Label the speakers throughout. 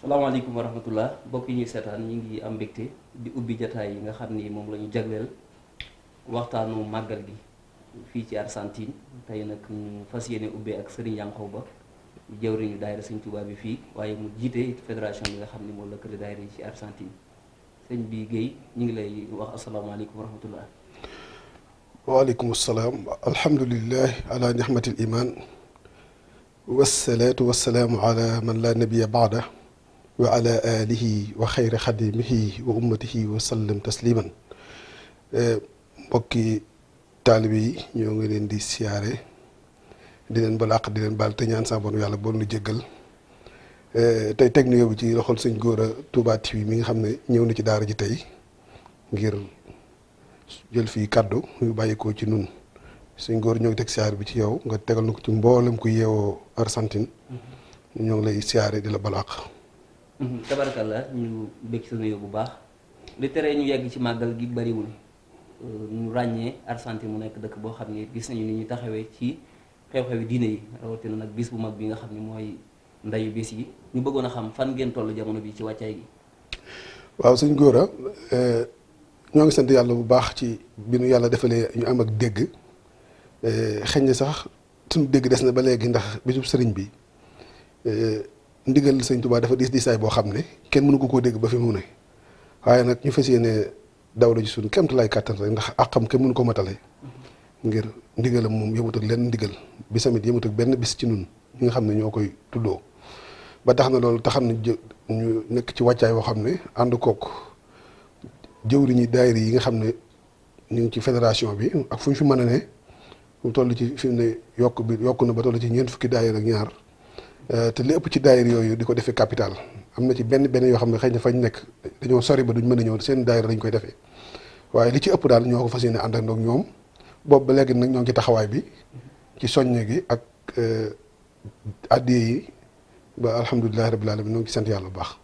Speaker 1: salaamaaleykum wa rahmatullah mbokk yi ñuy seetaan ñu ngi am mbégte di ubbi jataay yi nga xam ni moom la ñu jagleel waxtaanu màggal gi fii ci Argentine tey nag ñu fas yéene ubbee ak Serigne Yankoba jëwriñu daayira Sëñ Tuubaa bi fii waaye mu jiite fédération bi nga xam ni moom la kër daayira yi ci Argentine sëñ bi Guèye ñu ngi lay wax asalaamaaleykum wa rahmatullah
Speaker 2: waaleykum salaam alhamdulilah ala nihmatil iman wasalaatu wasalaamu ala man la nabiya baada waa wa ala alihi wa xayri xadimihi wa ummatihi wa sallam tasliman eh, mbokki taalibe yi ñoo ngi leen di siyaare di leen balaq di leen baal te ñaan sa yàlla bool nu jéggal eh, tey teg nuyoo bi ci loxol sëñ Gora Touba TV mi nga xam ne ñëw na ci daara ji tey ngir jël fii kàddu yu bàyyikoo ci nun suñ Gora ñoo ngi teg siyaare bi ci yow nga tegal na ko ci mboolem ku yeewoo Argentine mm-hmm. ñoo ngi lay siyaare di la balaq
Speaker 1: Mhm. tabarkalla ñu bëgg sa nuyoo bu baax li tere ñu yegg ci màggal gi bariwul euh, ñu ràññee Argentine mu nekk dëkk boo xam ne gis nañu ni ñu taxawee ci xew-xewi diine yi rawatina nag bis bu mag bi nga xam ne mooy ndayu bis yi ñu bëggoon a xam fan ngeen toll jamono bi ci wàccaay gi.
Speaker 2: waaw suñ góor a euh, ñoo ngi sant yàlla bu baax ci bi nu yàlla defalee ñu am ak dégg euh, xëy na sax suñu dégg des na ba léegi ndax bisu sëriñ bi. ndigal sëñ Tuubaa dafa diis diisaay boo xam ne kenn mënu ko koo dégg ba fi mu ne waaye nag ñu fas yéene daw la ci suñu kéemtalaay kàttan rek ndax àqam kenn mënu ko matale ngir ndigalam moom yëmut ak lenn ndigal bi samit yëmut benn bis ci nun ñi nga xam ne ñoo koy tuddoo ba tax na loolu taxam na ñu nekk ci wàccaay boo xam ne ànd jëw kook ñu daayira yi nga xam ne ñu ngi ci fédération bi ak fu ñu fi mën a ne mu toll ci fi mu ne yokk bi yokk na ba toll ci ñeent fukki daayira ak ñaar Euh, te li ëpp ci daayir yooyu di ko defee capital am na ci benn benn yoo xam ne xay na fañ nekk dañoo sori ba duñ mën a ñëw seen daayir dañ koy defee waaye li ci ëpp daal ñoo ko fas yéene ànd ak ñoom boobu ba léegi nag ñoom ci taxawaay bi ci soññe ak addiye euh, yi ba alhamdulilahi rabbil alamin ñoo ci sant yàlla bu baax.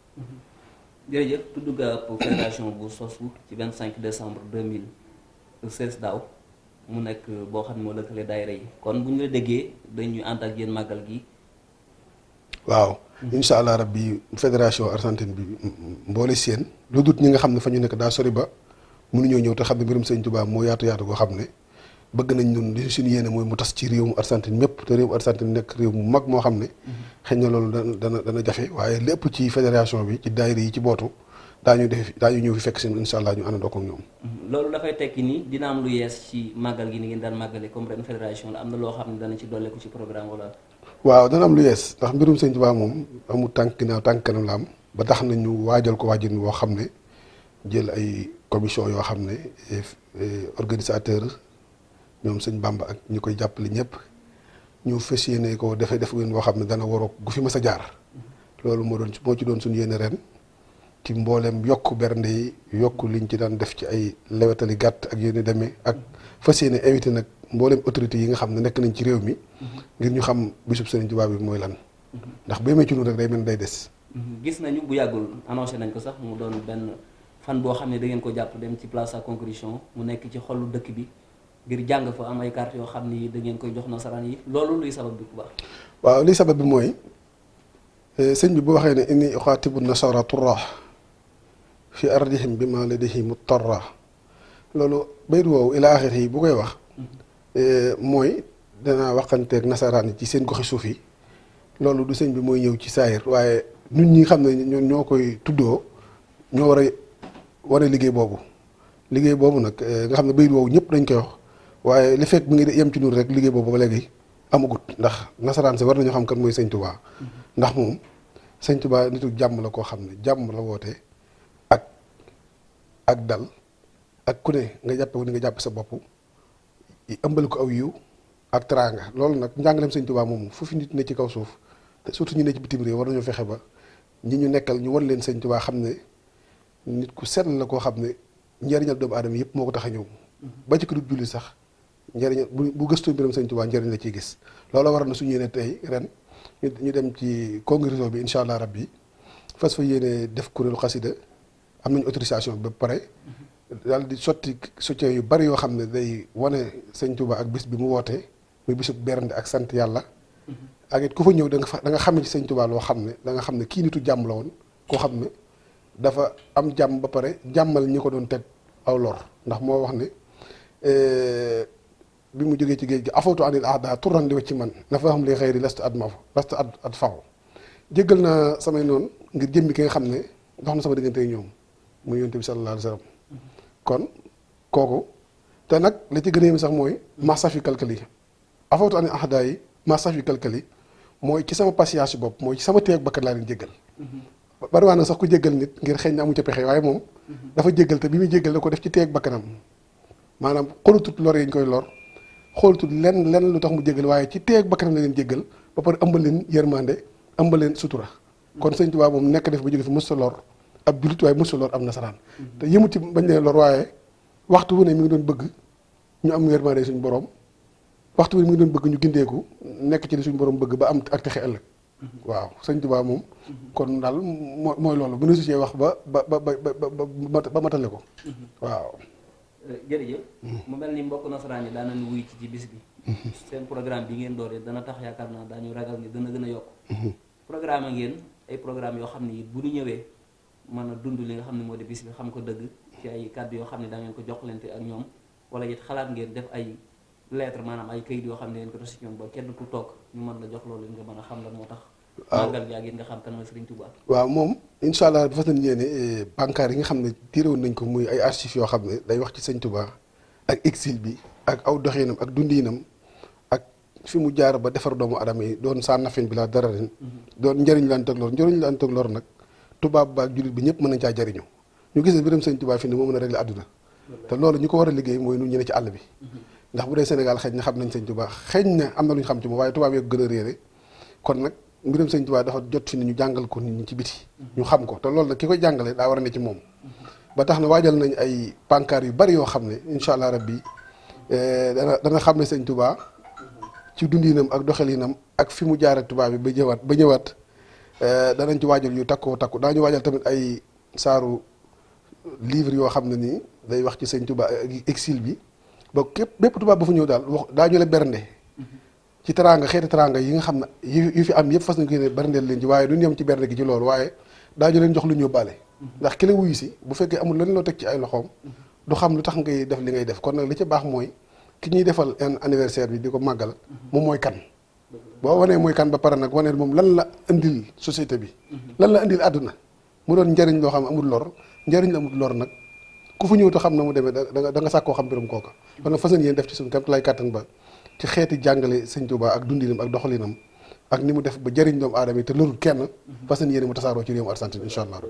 Speaker 1: jërëjëf tudd nga fédération bu sosu ci 25 décembre daaw mu nekk boo xam moo lëkkale yi kon bu ñu la déggee dañuy ànd gi.
Speaker 2: waaw incha allah bi fédération argentine bi mboole seen lu dut ñi nga xam ne fa ñu nekk daa sori ba mënuñoo ñëw te xam ne mbirum sëñ Tuubaa moo yaatu yaatu koo xam ne bëgg nañ ñun li mooy mu tas ci réewum Argentine mépp te réewum Argentine nekk réew mu mag moo xam ne xëy na loolu dana dana dana jafe waaye lépp ci fédération bi ci daayira yi ci bootu daañu def daañu ñëw fi fekk seen incha allah ñu àndandoo ko ak ñoom
Speaker 1: loolu dafay tekki ni dina am lu yees ci màggal gi ni ngeen daan màggale comme ren loo xam ne dana
Speaker 2: waaw dana am lu yees ndax mbirum sëñ Tuubaa moom amul tànk ginnaaw tànk kanam la am ba tax na ñu waajal ko waajin woo xam ne jël ay commission yoo xam ne eh, eh, organisateur ñoom sëñ Bàmba ak ñu koy jàppale ñëpp ñu fas yéene ko defee def ngeen woo xam ne dana waroog gu fi mës a jaar loolu moo doon ci moo ci doon suñ yéene ren ci mbooleem yokk bernde yi yokk liñ ci daan def ci ay lewetali gàtt ak yéen deme ak fas yéene invité nag mbooleem autorité yi nga xam ne nekk nañ ci réew mi ngir ñu xam bisub Sëriñ Tuubaa bi mooy lan ndax bu yemee ci noonu rek day des
Speaker 1: gis nañu bu yàggul annoncé nañ ko sax mu doon benn fan boo xam ne da ngeen ko jàpp dem ci place à mu nekk ci xolu dëkk bi ngir jàng fa am ay yoo xam ni da ngeen koy jox nasaraan yi loolu luy sabab bi ku baax
Speaker 2: waaw liy sabab bi mooy eh, sëñ bi bu waxee ne inni uxaatibu nasara turaax fi ardihim bi ma la ladayhi muttarra loolu baytu woowu ila axir bu koy wax eh, mooy danaa waxanteeg nasaraan yi ci seen goxi suuf yi loolu du sëñ bi mooy ñëw ci saayir waaye ñun ñi xam ne ñoo ñoo koy tuddoo ñoo war a war a liggéey boobu liggéey boobu nag eh, nga xam ne baytu woowu ñëpp dañ koy wax waaye li fekk mu ngi yem ci ñun rek liggéey boobu ba léegi amagut ndax nasaraan si war nañoo xam kan mooy sëñ Tuubaa mm-hmm. ndax moom sëñ Tuubaa nitu jàmm la koo xam ne jàmm la woote ak dal ak ku nga jàppe ko ni nga jàpp sa bopp yi ëmbal ko aw yiw ak teraanga loolu nag njàngaleem sëñ Tuubaa moomu fu fi nit ne ci kaw suuf te surtout ñu ne ci bitim réew war ñu fexe ba ñi ñu nekkal ñu war leen sëñ Tuubaa xam ne nit ku sell la koo xam ne njariñal doomu aadama yëpp moo ko tax a ñëw ba ci ko du julli sax njëriñ bu bu gëstoo mbiram sëñ Tuubaa njëriñ la ciy gis loolu war na suñu yéene tey ren ñu dem ci congrès bi incha allah rabbi fas fa yéene def kuréelu xasida am nañu autorisation ba pare daal di sotti soutien yu bari yoo xam ne day wane sëñ Touba ak bis bi mu wootee muy bisub bernde ak sant yàlla mm-hmm. ak it ku fa ñëw danga nga da nga xam ne ci sëñ Touba loo xam ne da nga xam ne kii nitu jàmm la woon koo xam ne dafa am jàmm ba pare jàmmal ñi ko doon teg aw lor ndax moo wax ne eh, bi mu jógee ci géej gi afootu anil ahda turan li ci man dafa xam li xëyri lest at maf lest at at faw jéggal naa samay noonu ngir jëmmi ki nga xam ne dox na sama diggante ñoom muy yonent bi sallallahu alayhi kon kooku te nag li ci gën a yem sax mooy masafi kalkali afawtu ani ahdaa yi masafi kalkali mooy ci sama patience bopp mooy ci sama teeg bakkat laa leen jéggal mhm. bari waa na sax ku jéggal nit ngir xëy na amu ca pexe waaye moom mhm. dafa jéggal te bi mu jéggal da ko def ci teeg bakkanam maanaam xolutut lor yi ñu koy lor xolutut lenn lenn lu tax mu jéggal waaye ci teeg bakkanam la leen jéggal ba pare ëmbal leen yërmande ëmbal leen sutura kon sëñ Tuubaa moom nekk def ba jóge fi mës sa lor ab jullit waaye mosul lor am nasaraan te yëmu ci bañ leen lor waaye waxtu wu ne mi ngi doon bëgg ñu am yërmande suñ boroom waxtu wu ne mi ngi doon bëgg ñu gindeeku nekk ci li suñu borom bëgg ba am ak texe ëllëg waaw sëñ Tuubaa moom kon daal moo mooy loolu bu ñu wax ba ba ba ba ba matale ko waaw
Speaker 1: jërëjëf mm-hmm. mu mel ni mbokk nasaraan yi daanañ wuy ci ci bis bi mm-hmm. seen programme bi ngeen dooree dana tax yaakaar naa daañu ragal ni dana gën a yokk mm-hmm. programme yoo xam ne bu ñu ñëwee mën a dund li nga xam ne moo di bis bi xam ko dëgg ci ay kàddu yoo xam ne da ngeen ko joxlante ak ñoom wala it xalaat ngeen def ay lettre maanaam ay kayit yoo xam ne ngeen ñoom ba kenn ku toog ñu mën jox loolu nga a xam lan moo tax. waaw màggal gi ak yéen nga
Speaker 2: waaw moom incha allah dafa fas yéene eh, bànkaar yi nga xam ne tiréwoon nañ ko muy ay archives yoo xam ne day wax ci Serigne Touba ak exil bi ak aw doxinam ak dundiinam ak fi mu jaar ba defar doomu adama yi doon saa nafin bi laa dara ren. Mm-hmm. doon njëriñ lan teg lor njëriñ lan teg lor nag tubaab baak jullit bi ñëpp mën nañ caa jariñu ñu gis ne mbiram sëñ tubaab fi ne moo mën a régler àdduna te loolu ñu ko war a liggéey mooy nu ñu ne ci àll bi ndax bu dee Sénégal xëy na xam nañ sëñ tubaab xëy na am na lu ñu xam ci moom waaye tubaab yee ko gën a réere kon nag mbiram sëñ tubaab dafa jot fi ne ñu jàngal ko nit ñi ci biti ñu xam ko te loolu nag ki koy jàngale daa war a ne ci moom ba tax na waajal nañ ay pancart yu bari yoo xam ne incha allah rabbi eh, dana dana xam ne sëñ tubaab ci dundi dundinam ak doxalinam ak fi mu jaaree tubaab bi ba ñëwaat ba ñëwaat Eh, danañ ci waajal yu takkoo takku daañu waajal tamit ay saaru livre yoo xam ne nii day wax ci sëñ Touba eh, exil bi ba képp bépp tubaab bu fu ñëw daal wax daañu la bernde mm-hmm. ci teraanga xeeti teraanga yi nga xam ne yu fi am yëpp fas nañ ko ne berndeel leen ci waaye duñ yem ci bernde gi ci loolu waaye daañu leen jox lu ñu yóbbaale mm-hmm. ndax ki la wuyu si bu fekkee amul leneen loo teg ci ay loxoom mm-hmm. du xam lu tax ngay def li ngay def kon nag li ci baax mooy ki ñuy defal anniversaire bi di ko màggal moom mooy kan boo wanee mooy kan ba pare nag waneel moom lan la andil société bi. Mhm. lan la andil àdduna mu doon njëriñ loo xam amul lor njëriñ la amul lor nag ku fu ñëw te xam na mu demee da nga da nga sàkkoo xam mbirum kooka. kon nag fas def ci suñu képp kattan ba ci xeeti jàngale sëñ Tuubaa ak dundinam ak doxalinam. ak ni mu def ba jëriñ doomu aadama yi te lërul kenn mhm. fas yéene mu tasaaroo ci réewum Argentine incha allah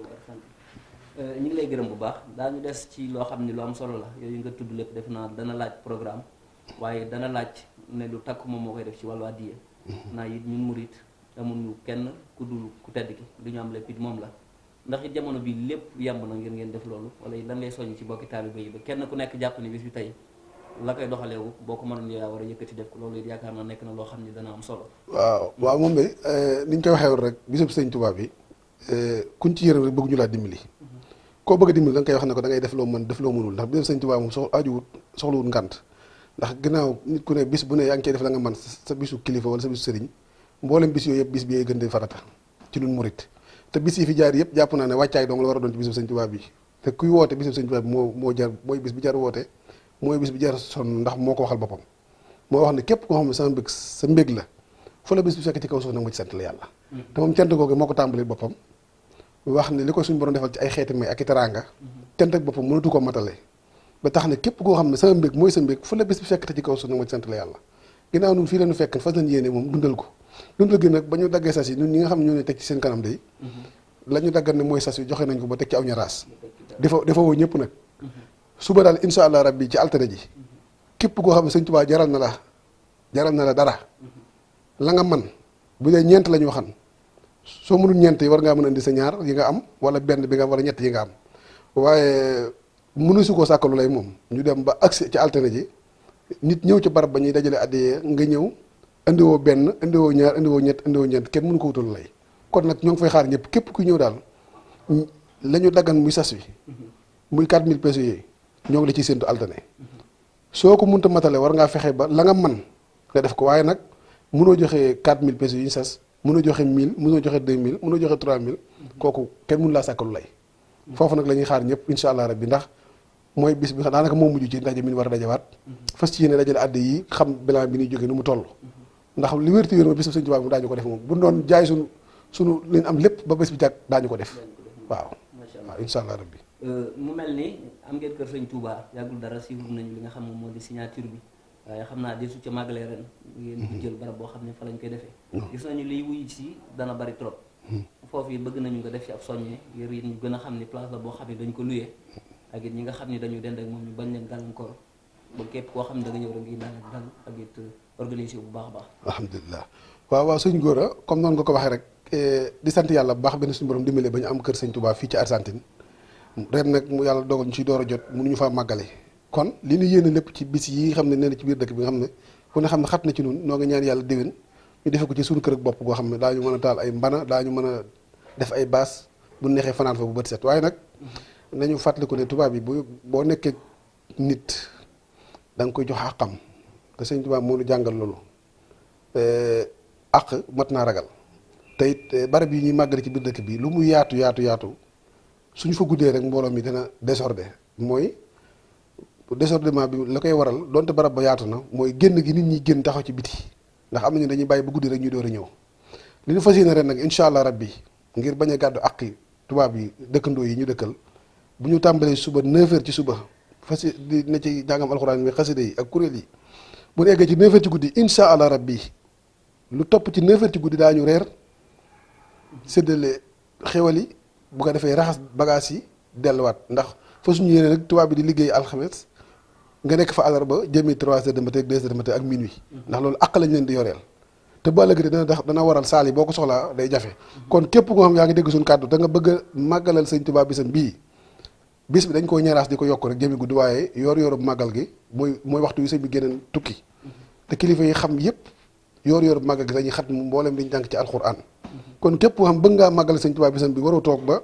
Speaker 1: euh, ñu ngi lay bu baax daañu des ci loo xam ne lu am solo la yooyu nga tudd lépp def naa dana laaj programme waaye dana laaj ne lu takk moom moo koy def ci wàllu addiya naa it ñun murit amuñu kenn ku dul ku tedd ki lu ñu am lépp it moom la ndax it jamono bii lépp yemb na ngeen ngeen def loolu wala lan ngay soññ ci bokki taalibe yi ba kenn ku nekk jàpp ni bi bi tey la koy doxaleewu boo ko mënoon yaa war a yëkkati def ko loolu it yaakaar naa nekk na loo xam ne dana am solo
Speaker 2: waaw waaw moom de eh, ni ñu koy waxee rek bisub sëñ Tuubaa bi eh, kuñ ci yërëm rek ñu laa dimbali mhm. koo bëgg a dimbali da koy wax ne ko da ngay def loo mën def loo mënul ndax bisub sëñ Tuubaa moom soxla ajuwut soxlawut ngànt ndax gannaaw nit ku ne bis bu ne yaa ngi cay def la nga man sa bisu kilifa wala sa bisu sëriñ mboolem bis yooyu yëpp bis bi ay gën di farata ci nun murit te bis yi fi jaar yëpp jàpp naa ne wàccaay dong la war a doon ci bisu sëñ Tuubaa bi te kuy woote bisu sëñ Tuubaa bi moo moo jar mooy bis bi jar woote mooy bis bi jar sonn ndax moo ko waxal boppam moo wax ne képp koo xam ne sa mbég sa mbég la fa la bis bi fekk ci kaw suuf nag ma ci sant la yàlla mm-hmm. te moom cant googu moo ko tàmbalil boppam wax ne li ko suñu borom defal ci ay xeeti may ak i teraanga mm-hmm. cant ak boppam mënatu ko matale ba tax ne képp koo xam ne sama mbég mooy sa mbég fu la bis bi fekk te ci kaw suuf nag ma sant la yàlla ginnaaw nun fii lañu fekk fas nañ yéene moom dundal ko dundal gi nag ba ñu daggee sas yi ñun ñi nga xam ne ñu mooy sas yi joxe nañ ko ba teg ci aw ñaraas dafa dafa suba daal insha allah rabbi ci altine ji képp koo xam ne sëñ Tuubaa jaral na la jaral na la dara la nga man bu dee ñeent la ñu waxan soo mënul ñeent yi war ngaa mën a indi sa ñaar yi nga am wala benn bi nga am wala ñett yi nga am waaye munu su koo sàkkalu lay moom ñu dem ba accès ci altine ji nit ñëw ci barab ba ñuy dajalee addiyee nga ñëw indiwoo benn indiwoo ñaar indiwoo ñett indiwoo ñeent kenn mënu ko wutal lay kon nag ñoo ngi fay xaar ñëpp képp ku ñëw daal mm, la ñu daggan muy sas wi muy 4000 pesos yooyu ñoo ngi ciy séntu altine soo ko mënta matale war ngaa fexe ba la nga man nga def ko waaye nag mënoo joxe mille pesos yi ñu sas mënoo joxe 1000 mënoo joxe 2000 mënoo joxe mille kooku kenn mënu laa sàkkalu lay foofu nag la ñuy xaar ñëpp incha allah bi ndax mooy bis bi daanaka moo mujj ci ndaje mi ñu war a dajawaat fas ci yéene dajale àdde yi xam bilan bi ñuy jógee nu mu toll ndax li wérti bi sëñ Tuubaa mu daañu ko def moom bu doon jaay suñu suñu liñ am lépp ba bés bi jàkk daañu ko def waaw waaw insha allah rabbi
Speaker 1: euh, mu mel ni am ngeen kër sëñ Tuubaa yàggul dara suivre nañu li nga xam moom moo di signature bi waaye xam naa desu ca màggalee ren ngeen mhm. jël barab boo xam ne fa lañ koy defee mhm. gis nañu liy wuy si dana bari trop mhm. foofu yi bëgg nañu nga def ci ab soññe yër yi ñu gën a xam ne place la boo xam ne dañ ko luye ak it ñi nga xam ni dañu dend ak moom ñu bañ koo xam ne da nga ñëw rek ngi euh, bu baax baax.
Speaker 2: alhamdulilah waaw waaw sëñ Gora comme noonu nga ko waxee rek eh, sant yàlla bu baax benn suñu borom dimbale ba ñu am kër sëñ Touba fii ci Argentine ren nag mu yàlla dogal ñu ciy door a jot mënuñu faa màggale kon li ñu yéene lépp ci bis yi xam ne nee na ci biir dëkk bi nga xam ne ku ne xam ne noo ngi ñaan yàlla déwén ñu defe ko ci suñu kër bopp goo xam ne mën a taal ay mbana daañu mën a def ay baas bu neexee fanaan fa bu bët set waaye nag nañu fàttaliku ne tubaab yi bu boo nekkee nit danga koy jox am te sëñ tubaab moo nu jàngal loolu àq mat naa ragal tey it eh, barab yi ñuy màggali ci biir dëkk bi lu muy yaatu yaatu yaatu suñu fa guddee rek mbooloo mi dina désordre mooy désordement bi la koy waral donte barab ba yaatu na mooy génn gi nit ñi génn taxaw ci biti ndax am nañu dañuy bàyyi bu guddi rek ñu door a ñëw li ñu fas yéene ren nag incha allah rabbi ngir bañ a gàddu àqi tubaab yi dëkkandoo yi ñu dëkkal bu ñu tàmbalee suba 9h ci suba fas di na ci jàngam alxuraan bi xasida yi ak kuréel yi bu ñu eggee ci 9h ci guddi insha allah rabbi lu topp ci 9h ci guddi daañu reer séddale xéwal yi bu ko defee raxas bagages yi delluwaat ndax fa suñu yéene rek tubaab bi di liggéey alxames nga nekk fa àllarba jëmi 3 heures de matin ak 2 heures de matin ak minuit ndax loolu àq lañ leen di yoreel te bu ëllëgee dana tax dana waral saal yi boo ko soxlaa day jafe kon képp koo xam yaa ngi dégg suñu kàddu da nga bëgg a màggalal sëñ tubaab bisam bii bis bi dañ koy ñeraas di ko yokk rek jëmi gudd waaye yoor yoorub màggal gi mooy mooy waxtu wi sëñ bi géneen tukki te kilifa yi xam yëpp yoor yoorub màggal gi dañuy xat mboolem liñ jàng ci alxuraan kon képp xam bëgg ngaa màggal sëñ Tuubaa bisam bi waroo toog ba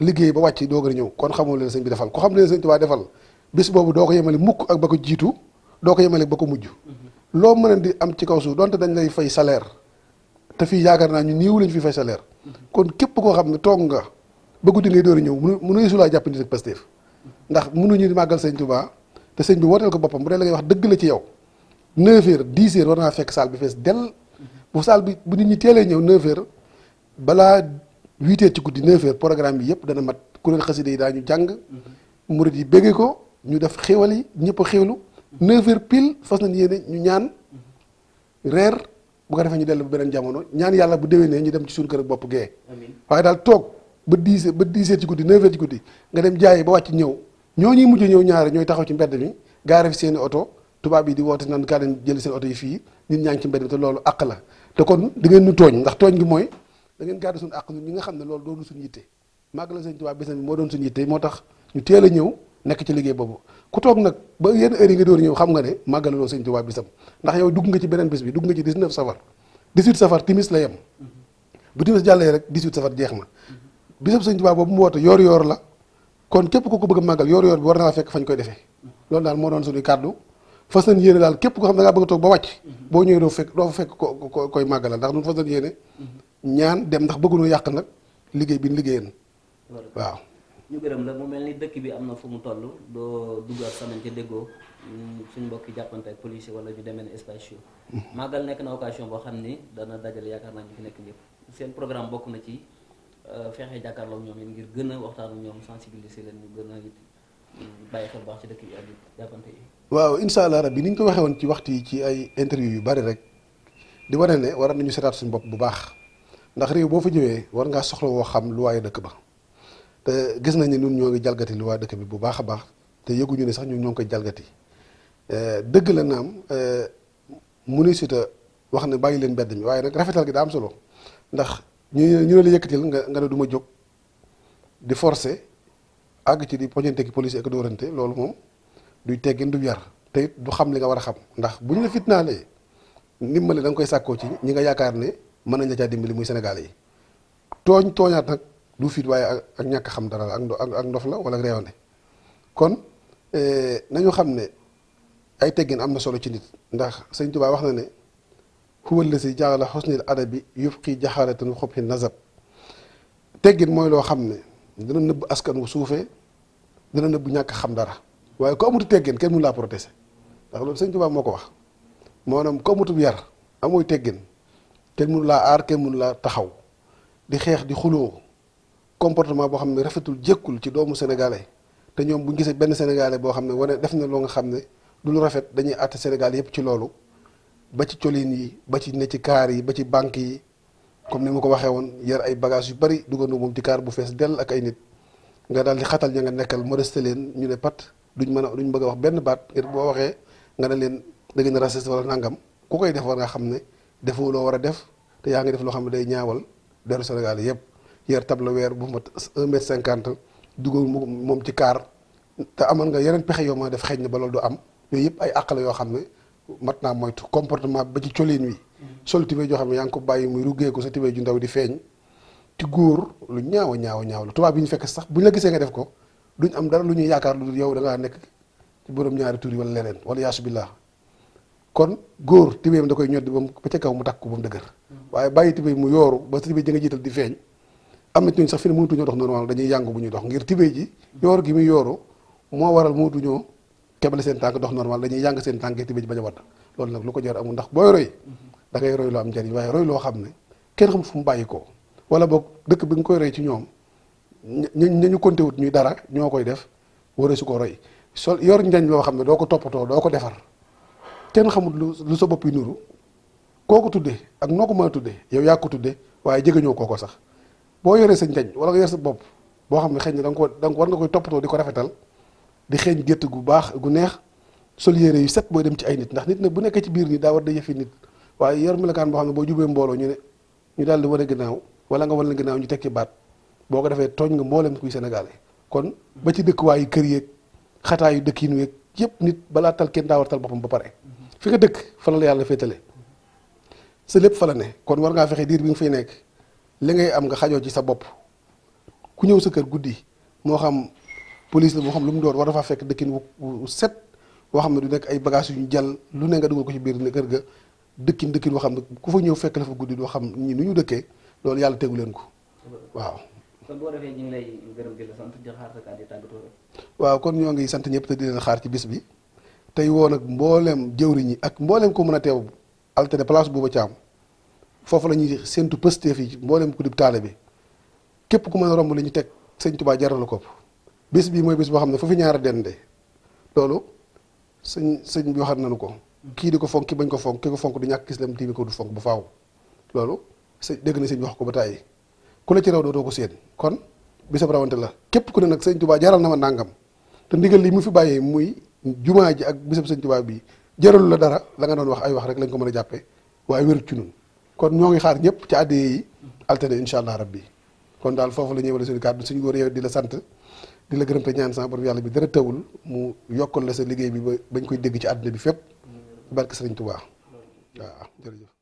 Speaker 2: liggéey ba wàcc doogar ñëw kon xamoo leen sëñ bi defal ko xam leen sëñ Tuubaa defal bis boobu doo ko yemale mukk ak ba ko jiitu doo ko yemale ba ko mujj loo mën a di am ci kaw suuf donte dañ lay fay salaire te fii yaakaar naa ñu niiw lañ fi fay salaire kon képp koo xam ne toog nga ba guddi ngay door a ñëw mu mënu mënuy sulaa jàpp nit ak Pastef ndax ñu màggal sëñ Touba te sëñ bi wooteel ko boppam bu dee la ngay wax dëgg la ci yow 9h 10h war naa fekk salle bi fees dell bu saal bi bu nit ñi teelee ñëw 9h balaa 8h ci guddi 9h programme bi yëpp dana mat ku kuréel xasida yi daañu jàng murit yi béggee ko ñu def xéwal yi ñëpp a xéwlu pil h pile fas nañ yéene ñu ñaan reer bu ko defee ñu dell bu beneen jamono ñaan yàlla bu déwénee ñu dem ci suñu kër bopp gee ba dix ba dix heures ci guddi neuf heures ci guddi nga dem jaayi ba wàcc ñëw ñoo ñuy mujj ñëw ñaari ñooy taxaw ci mbedd mi gaare fi seen i oto tubaab yi di woote naan gaa leen oto yi fii nit ñaa ngi ci mbedd mi te loolu tooñ ndax tooñ gi mooy da ngeen gàddu suñu àq ñi nga xam ne loolu doonu suñu yitte màgg la seen tubaab bés bi moo doon suñu yitte moo tax ñu teel ñëw nekk ci liggéey boobu ku toog nag ba yenn heure yi nga door ñëw xam nga ne màggalaloo sëñ Tuubaa bisam ndax yow dugg nga ci beneen bis bi dugg nga ci 19 safar 18 safar timis la yem bu timis jàllee rek 18 safar jeex na bisab sëñ Tuubaa boobu mu woote yoor yoor la kon képp ku ko bëgg a màggal yoor yoor bi war naa fekk fañ koy defee loolu daal moo doon suñuy kàddu fas nañ yéene daal képp ko xam da ngaa bëgg a fekk doo fa ko koy màggalal ndax ñun fas ñaan dem ndax bëggunoo yàq nag liggéey bi ñu liggéeyan waaw
Speaker 1: ñu gërëm la mu mel ni dëkk bi am na fu mu toll doo dugg ak samante déggoo suñ mbokki jàppante ak police wala ñu demee ne espace mm-hmm. màggal nekk na occasion boo xam ni dana dajale yaakaar naa ñu fi nekk ñëpp seen programme bokk na ci Euh, fexe jàkkaarloog ñoom it ngir gën a waxtaan ak ñoom sensibiliser leen ñu gën a it mm, bàyyi xel baax ci dëkk yi.
Speaker 2: waaw incha allah rabbi ni ñu ko waxee woon ci waxtu yi ci ay interview yu bari rek di wane ne war nañu seetaat suñu bopp bu baax ndax réew boo fa ñëwee war ngaa soxla woo xam lu waaye dëkk ba te gis nañ ne ñun ñoo ngi jalgati lu waa dëkk bi bu baax a baax te yëguñu ne sax ñu ñoo ngi koy jalgati euh, dëgg la naam mu ne si wax ne bàyyi leen mbedd waaye nag rafetal gi daa am solo ndax. ñu ñu ne la yëkkatil nga nga ne du ma jóg di forcer àgg ci di poñante ki police ak loolu moom duy teggin du yar te it du xam li nga war a xam ndax bu ñu la fitnaalee ndimbali da nga koy sàkkoo ci ñi nga yaakaar ne mën nañ la caa dimbali muy Sénégalais yi tooñ tooñaat nag du fit waaye ak ñàkk xam dara la ak ndof la wala réewande kon eh, nañu xam ne ay teggin am na solo ci nit ndax sëñ Tuubaa wax na ne huwa allazi jaala xusnil adabi yubqi jaxaalatan wa xubxi nazab teggin mooy loo xam ne dina nëbb askan wu suufee dina nëbb ñàkk xam dara waaye ku amut teggin kenn mënu laa protéger ndax loolu sëñ Tuubaa moo ko wax maanaam ku amutub yar amooy teggin kenn mënu laa aar kenn mënu laa taxaw di xeex di xuloo comportement boo xam ne rafetul jékkul ci doomu sénégalais te ñoom bu gisee benn sénégalais boo xam ne wane def na loo nga xam ne du lu rafet dañuy àtte Sénégal yépp ci loolu ba ci colin yi ba ci ne ci kaar yi ba ci banque yi comme ni ma ko waxee woon yar ay bagage yu bari dugandoo moom ci kaar bu fees dell ak ay nit nga daal di xatal ña nga nekkal modeste leen ñu ne pat duñ mën a duñ bëgg a wax benn baat ngir boo waxee nga ne leen da ngeen raciste nangam ku koy def nga xam ne defoo war a def te yaa ngi def loo xam ne day ñaawal deru Sénégal yëpp yar table weer bu mat 1 mètre 50 dugal moom ci kaar te amoon nga yeneen pexe yoo mën a def xëy na ba loolu du am yooy yëpp ay àq yoo xam ne. mat naa moytu comportement ba ci colin wi. sol tubéy joo xam ne yaa ko bàyyi muy ruggee ko sa tubéy ju ndaw di feeñ. ci góor lu ñaaw a ñaaw ñaaw la tubaab yi ñu fekk sax bu ñu la gisee nga def ko duñ am dara lu ñuy yaakaar da ngaa nekk ci borom ñaari tur yi wala leneen kon góor tubéyam da koy ñoddi ba mu ba ca kaw mu takk ko ba mu dëgër. waaye bàyyi tubéy mu yooru ba sa tubéy ji jiital di feeñ. am na ci ñooñu sax fi ne mënatuñoo dox normal dañuy yàngu bu ñuy dox ngir tibéy ji. yooru gi muy yooru moo waral mënatuñoo kebale seen tànk dox normal dañuy yàng seen tànk te bi bañ a wadd loolu nag lu ko jar amul ndax booy roy da roy loo am njariñ waaye roy loo xam ne kenn xam fu mu bàyyi ko wala boog dëkk bi nga koy roy ci ñoom ñu ñu wut ñuy dara ñoo koy def waree su ko roy sol yor njañ loo xam ne doo ko toppatoo doo ko defar kenn xamul lu sa bopp yi nuru koo ko tuddee ak noo ko mën a tuddee yow yaa ko tuddee waaye jegeñoo koo ko sax boo yoree sa njañ wala nga yor sa bopp boo xam ne xëy na da nga ko war nga koy toppatoo di ko rafetal di xeeñ gétt gu baax gu neex sol yére yu set booy dem ci ay nit ndax nit na bu nekkee ci biir nii daawar war da yëfi nit waaye yor melokaan boo xam ne boo jubee mbooloo ñu ne ñu daal di wane ginnaaw wala nga war wane ginnaaw ñu tekki baat boo ko defee tooñ nga mboolem kuy sénégalais kon ba ci dëkkuwaayu kër yeeg xataayu dëkk yi nuweeg yëpp nit balaa tal kenn daa tal boppam ba pare mhm. fi nga dëkk fa la yàlla féetale sa lépp fa la ne kon war ngaa fexe diir bi nga fay nekk li ngay am nga xajoo ci sa bopp ku ñëw sa kër guddi police la boo xam lu mu doon war dafa fekk dëkkin wu set boo xam ne du nekk ay bagages yu ñu jàll lu ne nga dugal ko ci biir ne kër ga dëkkin dëkkin boo xam ne ku fa ñëw fekk la fa guddi doo xam ñi nu ñu dëkkee loolu yàlla tegu leen ko waaw. kon waaw kon ñoo ngi sant ñëpp te di leen xaar ci bis bi tey woo nag mbooleem jëwriñ yi ak mbooleem ko mën a teew altine place boobu caam foofu la ñuy séntu pësteef yi mbooleem ku di taale bi képp ku mën a romb li ñu teg sëñ Tuubaa jaral ko bis bii mooy bis boo xam ne fu fi ñaara dende loolu sëñ sëñ bi waxat nañu ko kii di ko fonk ki bañ ko fonk ki ko fonk du ñàkk gis lam tiimi ko du fonk bu faaw loolu sëñ dégg na sëñ bi wax ko ba tàyyi ku la ci raw dootoo ko séen kon bisab rawante la képp ku ne nag sëñ Tuubaa jaral na ma nàngam te ndigal li mu fi bàyyee muy jumaa ji ak bisab sëñ Tuubaa bii jaralu la dara la nga doon wax ay wax rek lañ ko mën a jàppe waaye wérut ci ñun kon ñoo ngi xaar ñëpp ci àddee yi altine incha allah rabbi kon daal foofu la ñëwale suñu kàddu suñu góor yow di la sant di la gërëm te ñaan sama borom yàlla bi dara tawul mu yokkal la sa liggéey bi ba bañ koy dégg ci àdduna bi fépp barke Sëriñ Tuubaa waaw jërëjëf